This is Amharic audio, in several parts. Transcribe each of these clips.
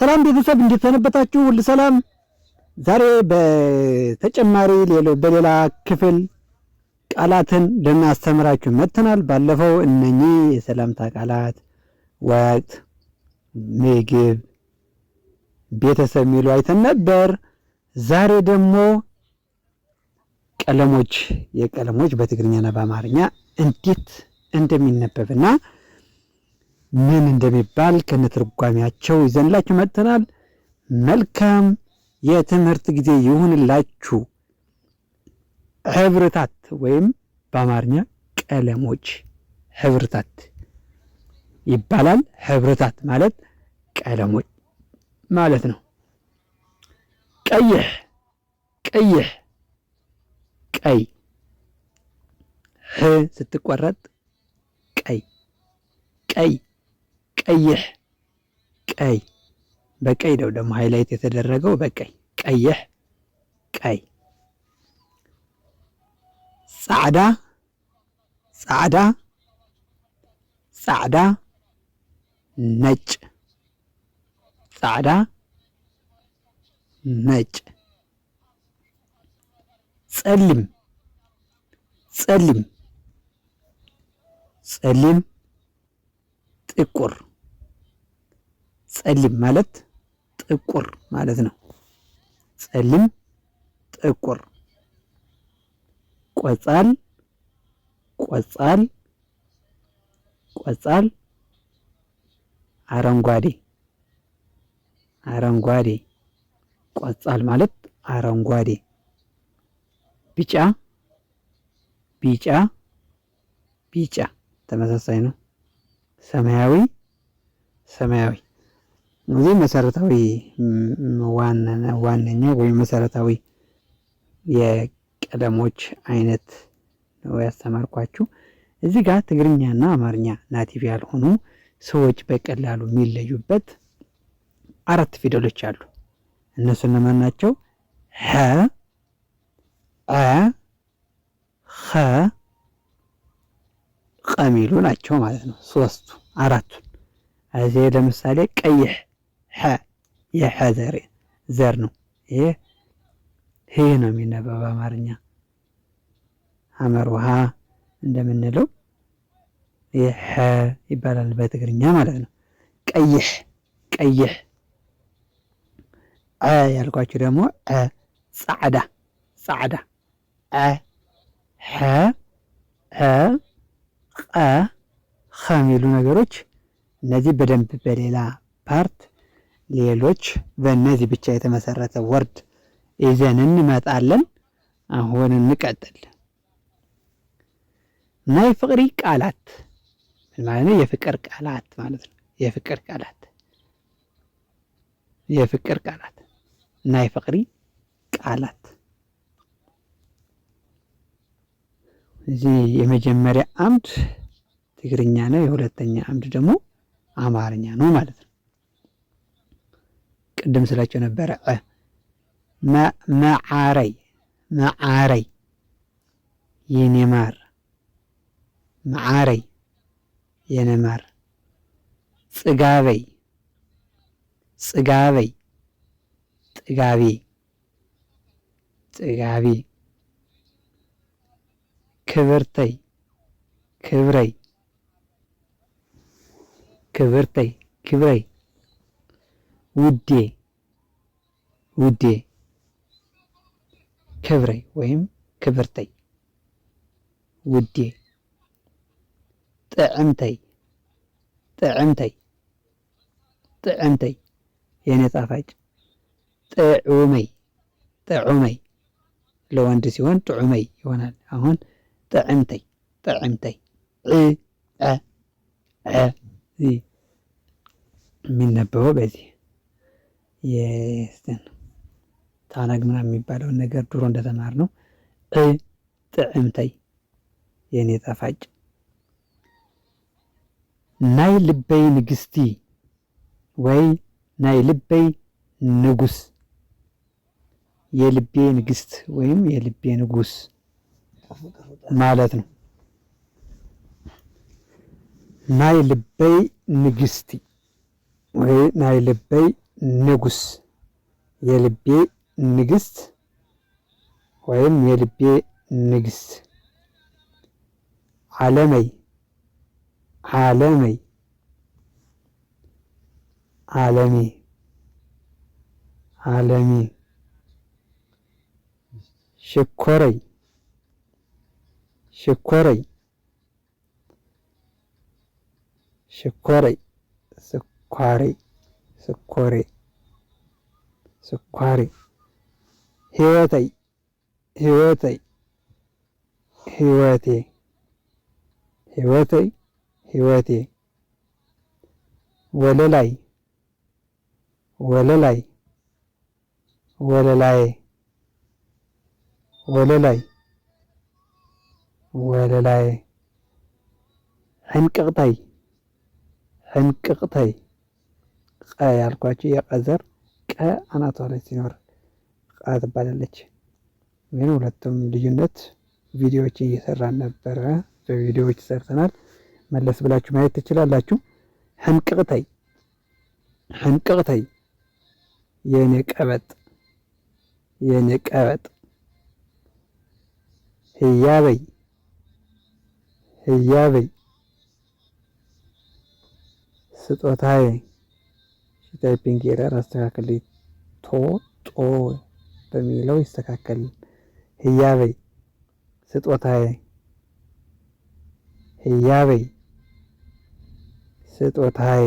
ሰላም ቤተሰብ እንዴት ሰነበታችሁ? ሁሉ ሰላም። ዛሬ በተጨማሪ በሌላ ክፍል ቃላትን ልናስተምራችሁ መጥተናል። ባለፈው እነኚህ የሰላምታ ቃላት ወቅት፣ ምግብ፣ ቤተሰብ የሚሉ አይተን ነበር። ዛሬ ደግሞ ቀለሞች የቀለሞች በትግርኛና በአማርኛ እንዴት እንደሚነበብና ምን እንደሚባል ከነትርጓሚያቸው ይዘንላችሁ መጥተናል። መልካም የትምህርት ጊዜ ይሁንላችሁ። ሕብርታት ወይም በአማርኛ ቀለሞች ሕብርታት ይባላል። ሕብርታት ማለት ቀለሞች ማለት ነው። ቀይሕ ቀይሕ ቀይ ህ ስትቆረጥ ቀይ ቀይ ቀይሕ ቀይ በቀይ ነው ደግሞ ሃይላይት የተደረገው በቀይ ቀይሕ ቀይ ጻዕዳ ጻዕዳ ጻዕዳ ነጭ ጻዕዳ ነጭ ጸሊም ጸሊም ጸሊም ጥቁር ጸሊም ማለት ጥቁር ማለት ነው። ጸሊም ጥቁር። ቆጻል ቆጻል ቆጻል አረንጓዴ አረንጓዴ ቆጻል ማለት አረንጓዴ። ቢጫ ቢጫ ቢጫ ተመሳሳይ ነው። ሰማያዊ ሰማያዊ እነዚህ መሰረታዊ ዋነኛ ወይም መሰረታዊ የቀለሞች አይነት ነው ያስተማርኳችሁ። እዚህ ጋር ትግርኛና አማርኛ ናቲቭ ያልሆኑ ሰዎች በቀላሉ የሚለዩበት አራት ፊደሎች አሉ። እነሱ እነማን ናቸው? ሀ አ ኸ ቀሚሉ ናቸው ማለት ነው። ሶስቱ አራቱን እዚህ ለምሳሌ ቀይሕ ሐ የሐ ዘሬ ዘር ነው። ይሄ ሄ ነው የሚነበበው አማርኛ ሐመር ውሃ እንደምንለው ይህ ይባላል በትግርኛ ማለት ነው። ቀይሕ ቀይሕ ዐ ያልኳችሁ ደግሞ ዐ ጻዕዳ ጻዕዳ ዐ ሐ ዐ ቀ ከሚሉ ነገሮች እነዚህ በደንብ በሌላ ፓርት ሌሎች በእነዚህ ብቻ የተመሰረተ ወርድ ይዘን እንመጣለን። አሁን እንቀጥል። ናይ ፍቅሪ ቃላት ማለት ነው። የፍቅር ቃላት ማለት ነው። የፍቅር ቃላት የፍቅር ቃላት ናይ ፍቅሪ ቃላት እዚህ የመጀመሪያ አምድ ትግርኛ ነው። የሁለተኛ አምድ ደግሞ አማርኛ ነው ማለት ነው። ቅድም ስላቸው ነበረ መዓረይ መዓረይ የኔ ማር መዓረይ የኔ ማር ጽጋበይ ጽጋበይ ጥጋቤ ጥጋቤ ክብርተይ ክብረይ ክብርተይ ክብረይ ውዴ ውዴ ክብሬ ወይም ክብርተይ ውዴ ጥዕምተይ ጥዕምተይ ጥዕምተይ የኔ ጣፋጭ ጥዑመይ ጥዑመይ ለወንድ ሲሆን ጥዑመይ ይሆናል። አሁን ጥዕምተይ ጥዕምተይ እ የሚነበበው በዚህ ታናግ ምናምን የሚባለውን ነገር ድሮ እንደተማር ነው። እ ጥዕምተይ የእኔ ጣፋጭ ናይ ልበይ ንግስቲ ወይ ናይ ልበይ ንጉስ የልቤ ንግስት ወይም የልቤ ንጉስ ማለት ነው። ናይ ልበይ ንግስቲ ወይ ናይ ልበይ ንጉስ የልቤ ንግስት ወይም የልቤ ንግስት አለመይ አለመይ አለሜ አለሜ ሽኮረይ ሽኮረይ ሽኮረይ ስኳሬ ስኮሬ ስኳሬ ህይወተይ ህይወተይ ህይወቴ ህይወተይ ህይወቴ ወለላይ ወለላይ ወለላዬ ወለላይ ወለላዬ ሕንቅቕተይ ሕንቅቕተይ ቀ ያልኳቸው የቀዘር ቀ አናቷ ላይ ሲኖር ቃ ትባላለች። ግን ሁለቱም ልዩነት ቪዲዮዎች እየሰራን ነበረ። በቪዲዮዎች ሰርተናል። መለስ ብላችሁ ማየት ትችላላችሁ። ህንቅቅተይ ህንቅቅተይ የእኔ ቀበጥ የእኔ ቀበጥ ህያበይ ህያበይ ስጦታዬ የታይፒንግ ኤረር አስተካክል ቶ ጦ በሚለው ይስተካከል። ህያበይ ስጦታዬ፣ ህያበይ ስጦታዬ።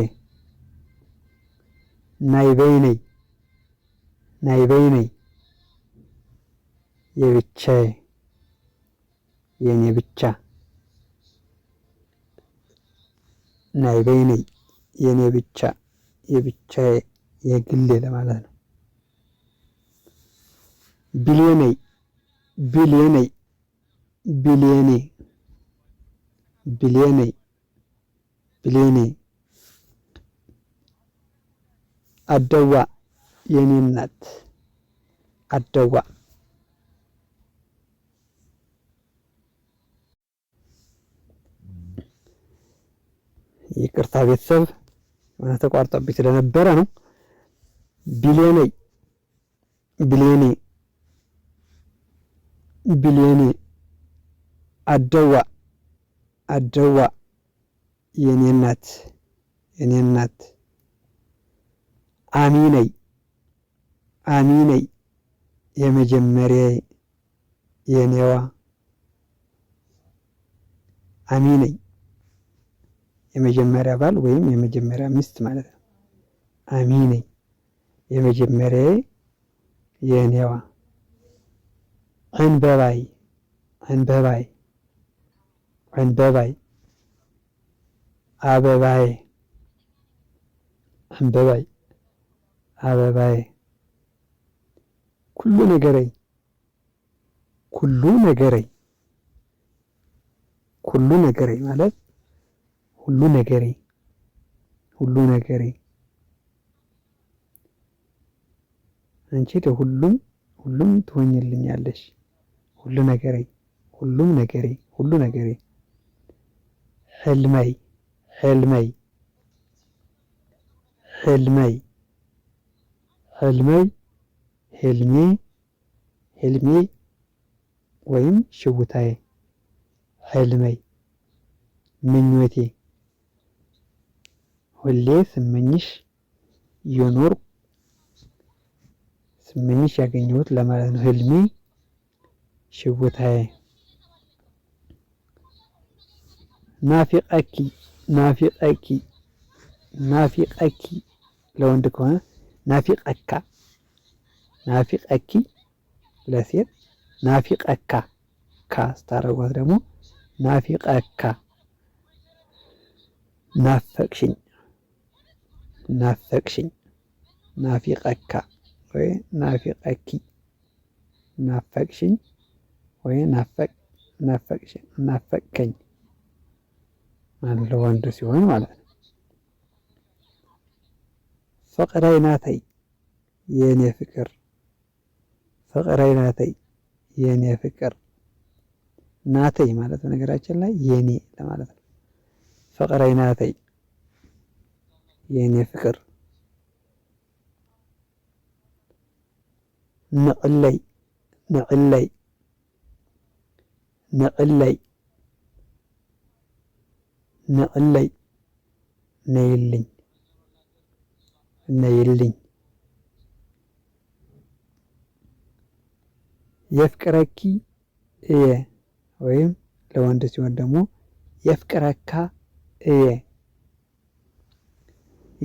ናይበይ ነይ፣ ናይበይ የኔ ብቻ ናይበይ የኔ ብቻ የብቻ የግሌ ለማለት ነው። ቢሊዮኔ ቢሊዮኔ ቢሊዮኔ ቢሊዮኔ ቢሊዮኔ አደዋ የኔም ናት አደዋ ይቅርታ ቤተሰብ የሆነ ተቋርጦብኝ ስለነበረ ነው። ቢሊዮኔ ቢሊዮኔ ቢሊዮኔ አደዋ አደዋ የኔ እናት የኔ እናት አሚነይ አሚነይ የመጀመሪያ የኔዋ አሚነይ የመጀመሪያ ባል ወይም የመጀመሪያ ሚስት ማለት ነው። አሚነኝ የመጀመሪያ የእኔዋ አንበባይ አንበባይ አንበባይ አበባዬ አንበባይ አበባዬ ኩሉ ነገረይ ኩሉ ነገረይ ኩሉ ነገረይ ማለት ሁሉ ነገሬ ሁሉ ነገሬ አንቺ ለሁሉም ሁሉም ትሆኝልኛለሽ ሁሉ ነገሬ ሁሉም ነገሬ ሁሉ ነገሬ ህልመይ ህልመይ ህልመይ ህልመይ ህልሜ ህልሜ ወይም ሽውታዬ ህልመይ ምኞቴ ሁሌ ስመኝሽ የኖርኩ ስመኝሽ ያገኘሁት ለማለት ነው። ህልሜ ሽውታዬ ናፊቀኪ ናፊቀኪ ናፊቀኪ ለወንድ ከሆነ ናፊቀካ ናፊቀኪ ለሴት ናፊቀካ ካስታረጓት ደግሞ ናፊቀካ ናፈቅሽኝ ናፈቅሽኝ፣ ናፊቀካ ወይ ናፊቀኪ፣ ናፈቅሽኝ ወይ ናፈቅከኝ አለ ወንድ ሲሆን ማለት ነው። ፍቅረይ ናተይ የኔ ፍቅር፣ ፍቅረይ ናተይ የኔ ፍቅር። ናተይ ማለት በነገራችን ላይ የኔ ለማለት ነው። ፍቅረይ ናተይ የኔ ፍቅር ነቅለይ ነቅለይ ነቅለይ ነቅለይ ነይልኝ ነይልኝ የፍቅረኪ እየ ወይም ለወንድ ሲሆን ደግሞ የፍቅረካ እየ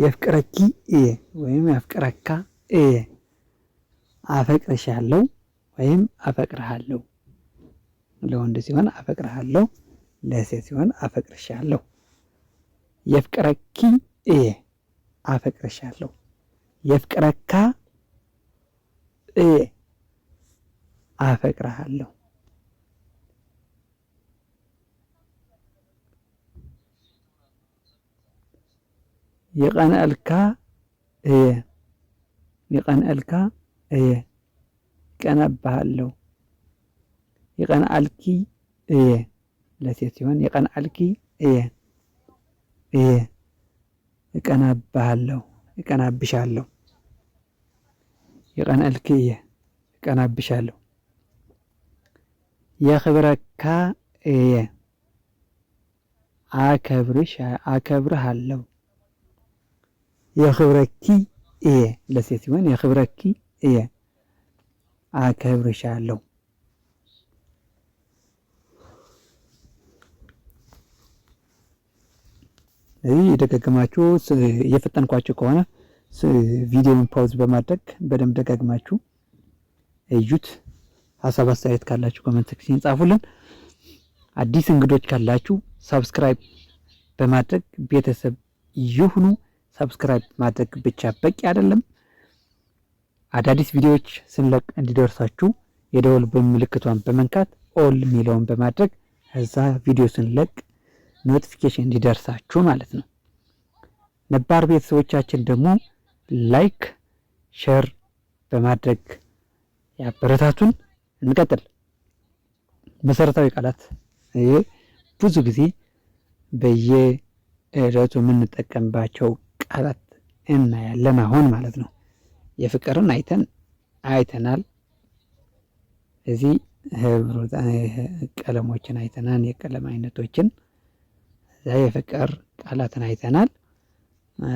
የፍቅረኪ ኤ ወይም የፍቅረካ ኤ አፈቅርሻለሁ ወይም አፈቅርሃለሁ። ለወንድ ሲሆን አፈቅርሃለሁ፣ ለሴት ሲሆን አፈቅርሻለሁ። የፍቅረኪ ኤ አፈቅርሻለሁ። የፍቅረካ ኤ አፈቅርሃለሁ። يقنالكا اي يقنالكا اي كنبهالو يقنالكي اي لاتيتيون يقنالكي اي اي كنبهالو كنبشالو يقنالكي كنبشالو إيه. يا خبركا اي اكبرش اكبرهالو የክብረኪ እየ ለሴት ሲሆን የክብረኪ እየ አከብርሻለሁ። ስለዚህ ደጋግማችሁ እየፈጠንኳችሁ ከሆነ ቪዲዮን ፓውዝ በማድረግ በደንብ ደጋግማችሁ እዩት። ሀሳብ አስተያየት ካላችሁ ኮመንት ሴክሽን ጻፉልን። አዲስ እንግዶች ካላችሁ ሰብስክራይብ በማድረግ ቤተሰብ ይሁኑ። ሰብስክራይብ ማድረግ ብቻ በቂ አይደለም። አዳዲስ ቪዲዮዎች ስንለቅ እንዲደርሳችሁ የደወል ምልክቷን በመንካት ኦል የሚለውን በማድረግ እዛ ቪዲዮ ስንለቅ ኖቲፊኬሽን እንዲደርሳችሁ ማለት ነው። ነባር ቤተሰቦቻችን ደግሞ ላይክ፣ ሼር በማድረግ ያበረታቱን። እንቀጥል። መሰረታዊ ቃላት ብዙ ጊዜ በየዕለቱ የምንጠቀምባቸው ቃላት እናያለን አሁን ማለት ነው። የፍቅርን አይተን አይተናል። እዚህ ቀለሞችን አይተናል፣ የቀለም አይነቶችን እዛ የፍቅር ቃላትን አይተናል።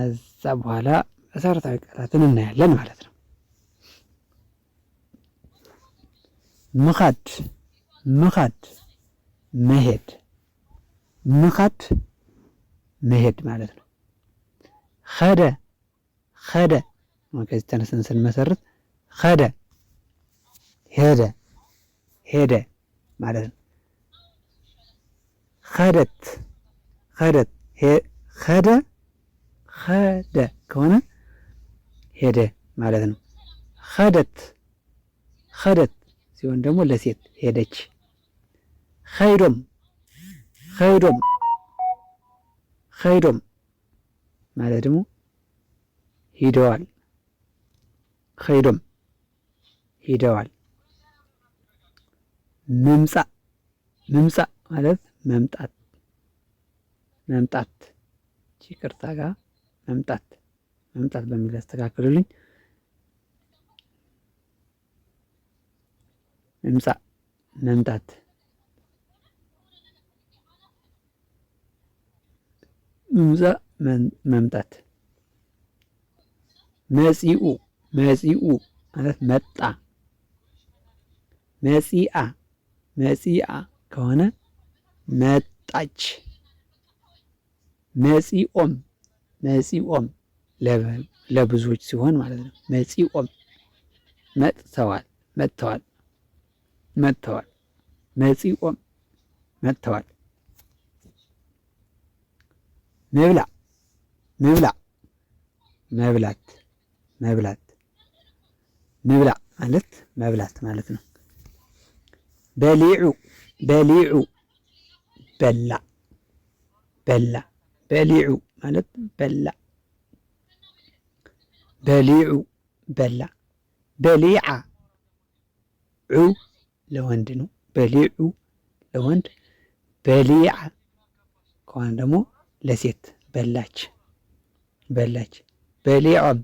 እዛ በኋላ መሰረታዊ ቃላትን እናያለን ማለት ነው። ምኻድ ምኻድ መሄድ ምኻድ መሄድ ማለት ነው። ከደ ከደ ከዚ ተነስተን ስንመሰርት ከደ ሄደ ሄደ ማለት ነው። ከደት ከደት ከደ ከደ ከሆነ ሄደ ማለት ነው። ከደት ከደት ሲሆን ደግሞ ለሴት ሄደች። ከይዶም ከይዶም ከይዶም ማለት ደግሞ ሂደዋል ከይዶም ሂደዋል። ምምፃእ ምምፃእ ማለት መምጣት መምጣት ይቅርታ ጋ መምጣት መምጣት በሚል ያስተካክሉልኝ። ምምፃእ መምጣት ምምፃእ መምጣት መጺኡ መጺኡ ማለት መጣ። መጺአ መጺአ ከሆነ መጣች። መጺኦም መጺኦም ለብዙዎች ሲሆን ማለት ነው። መጺኦም መጥተዋል መጥተዋል መጥተዋል። መጺኦም መጥተዋል። መብላዕ ምብላ መብላት መብላት ምብላ ማለት መብላት ማለት ነው። በሊዑ በሊዑ በላ በላ በሊዑ ማለት በላ በሊዑ በላ በሊዓ ዑ ለወንድ ነው። በሊዑ ለወንድ በሊዓ ከሆነ ደግሞ ለሴት በላች በላች። በሊዖም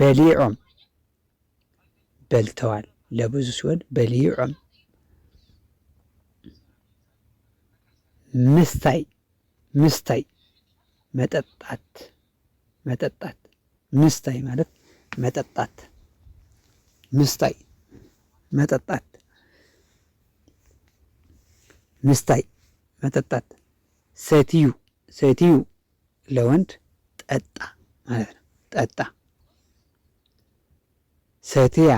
በሊዖም በልተዋል ለብዙ ሲሆን በሊዖም ምስታይ ምስታይ መጠጣት መጠጣት ምስታይ ማለት መጠጣት ምስታይ መጠጣት ምስታይ መጠጣት ሰትዩ ሰትዩ ለወንድ ጠጣ ማለት ነው። ጠጣ ሰትያ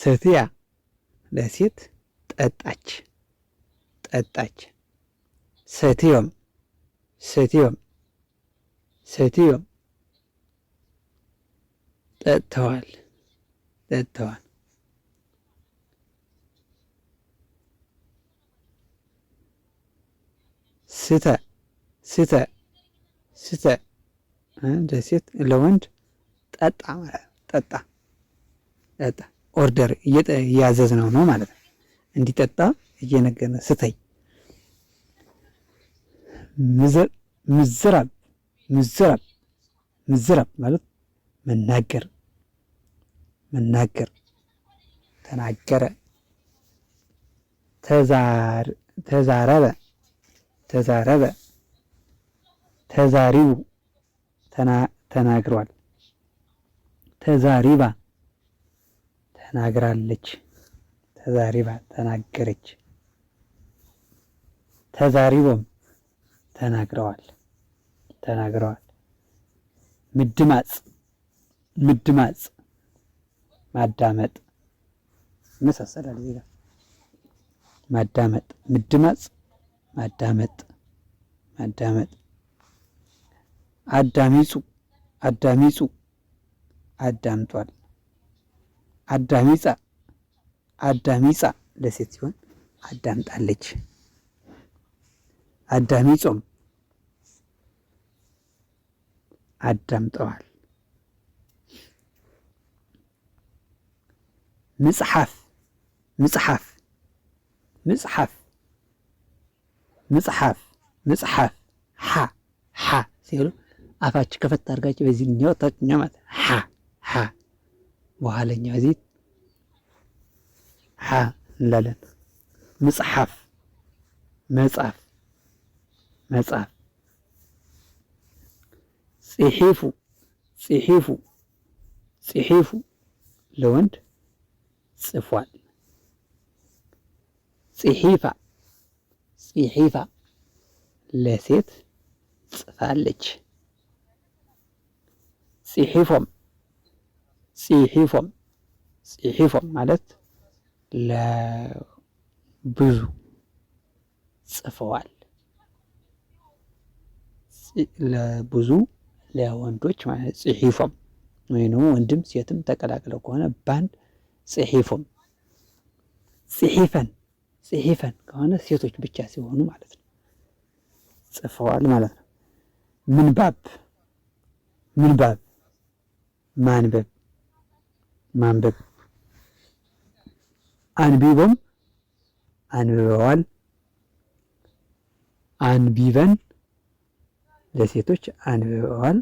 ሰትያ ለሴት ጠጣች ጠጣች። ሰትዮም ሰትዮም ሰትዮም ጠጥተዋል ጠጥተዋል። ስተ ስተ ስተ ለሴት ለወንድ ጠጣ ማለት ጠጣ ጠጣ ኦርደር እያዘዝ ነው ነው ማለት ነው። እንዲጠጣ እየነገነ ስተይ ምዝራብ ምዝራብ ምዝራብ ማለት መናገር መናገር ተናገረ ተዛረበ ተዛረበ ተዛሪው ተናግሯል። ተዛሪባ ተናግራለች። ተዛሪባ ተናገረች። ተዛሪቦም ተናግረዋል ተናግረዋል። ምድማጽ ምድማጽ ማዳመጥ ይመሳሰላል እዚህ ጋር ማዳመጥ ምድማጽ ማዳመጥ ማዳመጥ አዳሚጹ አዳሚጹ አዳምጧል። አዳሚጻ አዳሚጻ ለሴት ሲሆን አዳምጣለች። አዳሚጾም አዳምጠዋል። ምጽሐፍ ምጽሐፍ ምጽሐፍ ምጽሐፍ ምጽሐፍ ሓ ሓ ሲሉ አፋችሁ ከፈት አድርጋችሁ በዚህኛው ወጣችኛው ማለት ሀ ሀ በኋላኛው እዚህ ሀ እንላለን። መጽሐፍ መጽሐፍ መጽሐፍ ጽሒፉ ጽሒፉ ጽሒፉ ለወንድ ጽፏል። ጽሒፋ ጽሒፋ ለሴት ጽፋለች። ጽሒፎም ጽሒፎም ጽሒፎም ማለት ለብዙ ጽፈዋል። ለብዙ ለወንዶች ማለት ጽሒፎም ወይም ወንድም ሴትም ተቀላቅለው ከሆነ ባንድ ጽሒፎም። ጽሒፈን ጽሒፈን ከሆነ ሴቶች ብቻ ሲሆኑ ማለት ነው፣ ጽፈዋል ማለት ነው። ምንባብ ምንባብ ማንበብ ማንበብ አንቢቦም አንብበዋል አንቢበን ለሴቶች አንብበዋል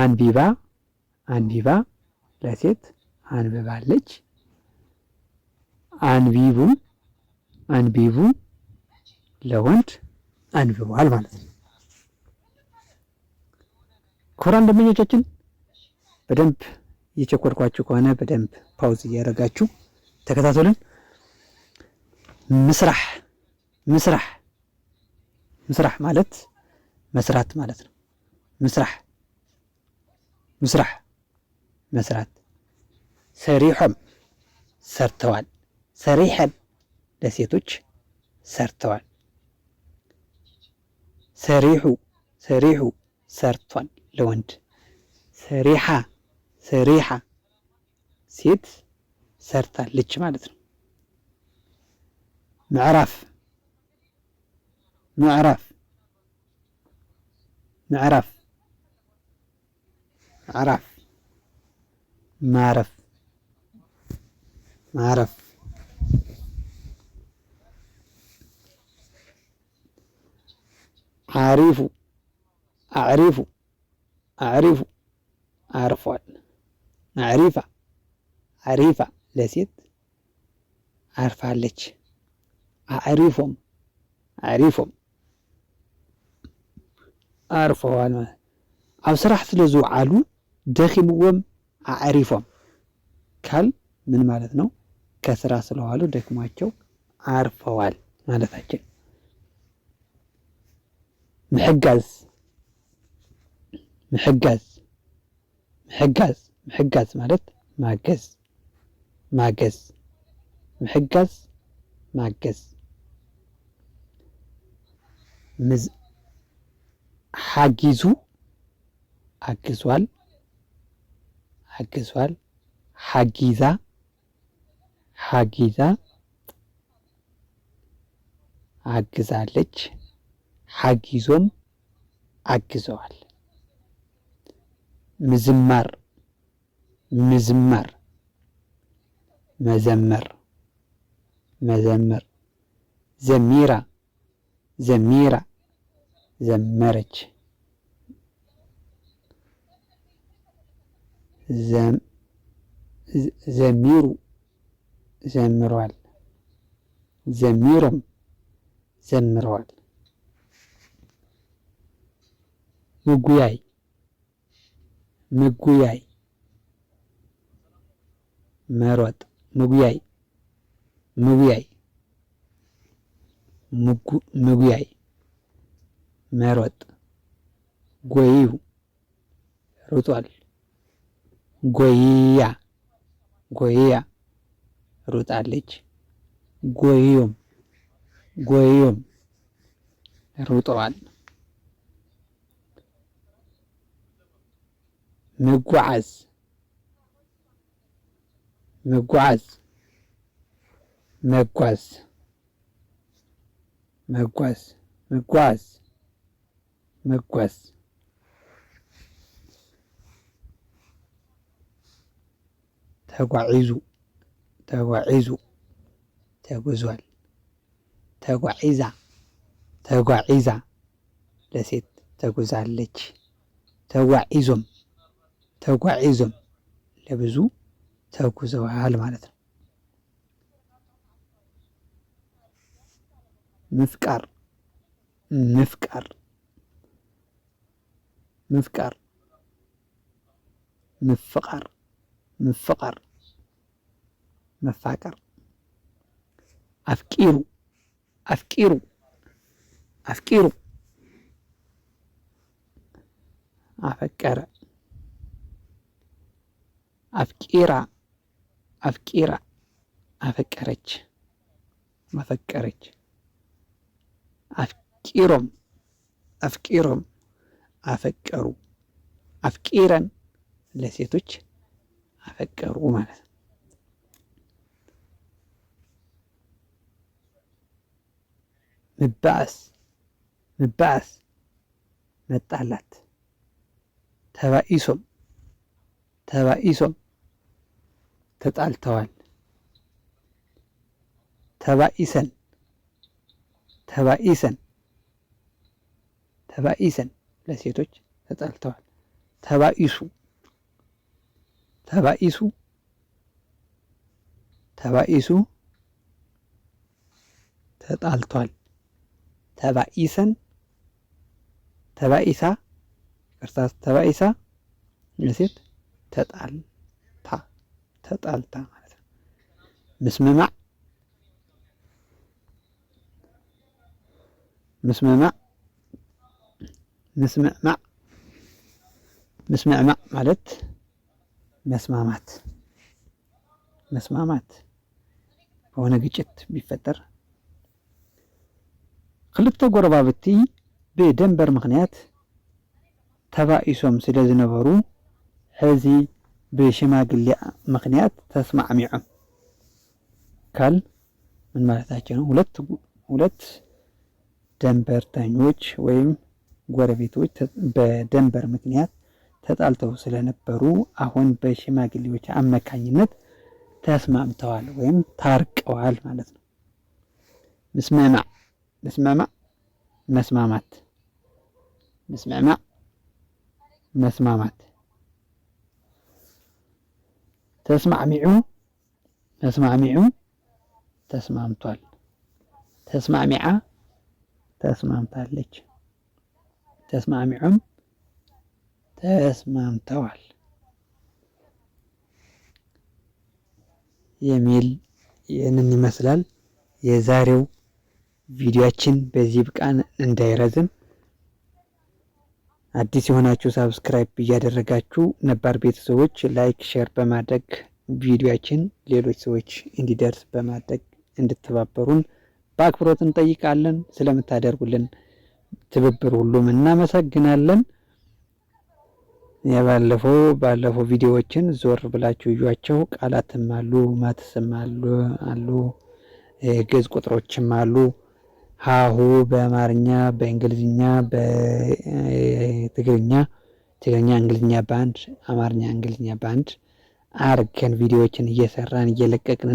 አንቢባ አንቢባ ለሴት አንብባለች አንቢቡ አንቢቡ ለወንድ አንብበዋል ማለት ነው። ክቡራን ደንበኞቻችን በደንብ እየቸኮልኳችሁ ከሆነ በደንብ ፓውዝ እያደረጋችሁ ተከታተሉን። ምስራ ምስራህ ምስራሕ ማለት መስራት ማለት ነው። ምስራህ ምስራህ መስራት። ሰሪሖም ሰርተዋል። ሰሪሐን ለሴቶች ሰርተዋል። ሰሪሑ ሰሪሑ ሰርቷል። ለወንድ ሰሪሓ ሰሪሓ ሴት ሰርታለች ማለት ነው። ምዕራፍ ምዕራፍ ምዕራፍ ምዕራፍ ማረፍ ማረፍ ዓሪፉ አዕሪፉ አዕሪፉ አርፏል። አሪፋ አሪፋ ለሴት አርፋለች። አሪፎም አዕሪፎም አርፈዋል ማለት ኣብ ስራሕ ስለ ዝውዓሉ ደኺምዎም ኣዕሪፎም ካል ምን ማለት ነው? ከስራ ስለዋሉ ደክሟቸው አርፈዋል ማለታችን። ምሕጋዝ ምሕጋዝ ምሕጋዝ ምሕጋዝ ማለት ማገዝ ማገዝ ምሕጋዝ ማገዝ ሓጊዙ አግዟል ሓግዟል ሓጊዛ ሓጊዛ አግዛለች ሓጊዞም አግዘዋል مزمر مزمر مزمر مزمر زميرة زميرة زمرج زم زميرو زمروال زميرم زمروال مقوياي ምጉያይ መሮጥ ምጉያይ ምጉያይ ምጉያይ መሮጥ ጎይው ሩጧል ጎይያ ጎይያ ሩጣለች ጎዮም ጎዮም ሩጠዋል መጓዓዝ መጓዓዝ መጓዝ መጓዝ መጓዝ መጓዝ ተጓዒዙ ተጓዒዙ ተጉዟል ተጓዒዛ ተጓዒዛ ለሴት ተጉዛለች ተጓዒዞም ተጓዒዞም ለብዙ ተጉዘዋል ማለት ነው። ምፍቃር ምፍቃር ምፍቃር ምፍቃር ምፍቃር መፋቀር አፍቂሩ አፍቂሩ አፍቂሩ አፈቀረ አፍቂራ አፍቂራ አፈቀረች መፈቀረች አፍቂሮም አፍቂሮም አፈቀሩ አፍቂረን ለሴቶች አፈቀሩ ማለት ነው። ምባእስ ምባእስ መጣላት ተባኢሶም ተባኢሶም ተጣልተዋል። ተባኢሰን ተባኢሰን ተባኢሰን ለሴቶች ተጣልተዋል። ተባኢሱ ተባኢሱ ተባኢሱ ተጣልቷል። ተባኢሰን ተባኢሳ ቅርታ ተባኢሳ ለሴት ተጣል ተጣልታ ማለት ነው። ምስምማዕ ምስምማዕ ምስምዕማዕ ምስምዕማዕ ማለት መስማማት መስማማት በሆነ ግጭት ቢፈጠር ክልተ ጎረባብቲ ብደንበር ምክንያት ተባኢሶም ስለ ዝነበሩ ሕዚ ብሽማግሌ ምክንያት ተስማዕሚዑ ካል ምን ማለታቸው ነው? ሁለት ሁለት ደንበርተኞች ወይም ጎረቤቶች በደንበር ምክንያት ተጣልተው ስለነበሩ አሁን በሽማግሌዎች አመካኝነት ተስማምተዋል ወይም ታርቀዋል ማለት ነው። ምስመማ ምስማማዕ መስማማት ምስማማዕ መስማማት ተስማዕሚዑ ተስማዕሚዑ ተስማምቷል። ተስማዕሚዓ ተስማምታለች። ተስማዕሚዑም ተስማምተዋል የሚል ይህንን ይመስላል የዛሬው ቪዲዮችን በዚህ ብቃን እንዳይረዝም አዲስ የሆናችሁ ሳብስክራይብ እያደረጋችሁ ነባር ቤተሰቦች ላይክ፣ ሼር በማድረግ ቪዲዮችን ሌሎች ሰዎች እንዲደርስ በማድረግ እንድትባበሩን በአክብሮት እንጠይቃለን። ስለምታደርጉልን ትብብር ሁሉም እናመሰግናለን። የባለፈው ባለፈው ቪዲዮዎችን ዞር ብላችሁ እዩዋቸው። ቃላትም አሉ፣ ማትስም አሉ፣ ግዕዝ ቁጥሮችም አሉ። ሀሁ በአማርኛ በእንግሊዝኛ በትግርኛ ትግርኛ እንግሊዝኛ በአንድ አማርኛ እንግሊዝኛ በአንድ አርገን ቪዲዮዎችን እየሰራን እየለቀቅን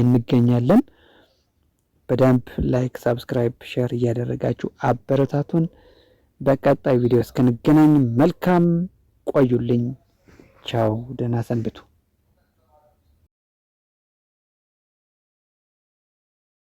እንገኛለን። በደንብ ላይክ፣ ሳብስክራይብ፣ ሼር እያደረጋችሁ አበረታቱን። በቀጣይ ቪዲዮ እስክንገናኝ መልካም ቆዩልኝ። ቻው፣ ደህና ሰንብቱ።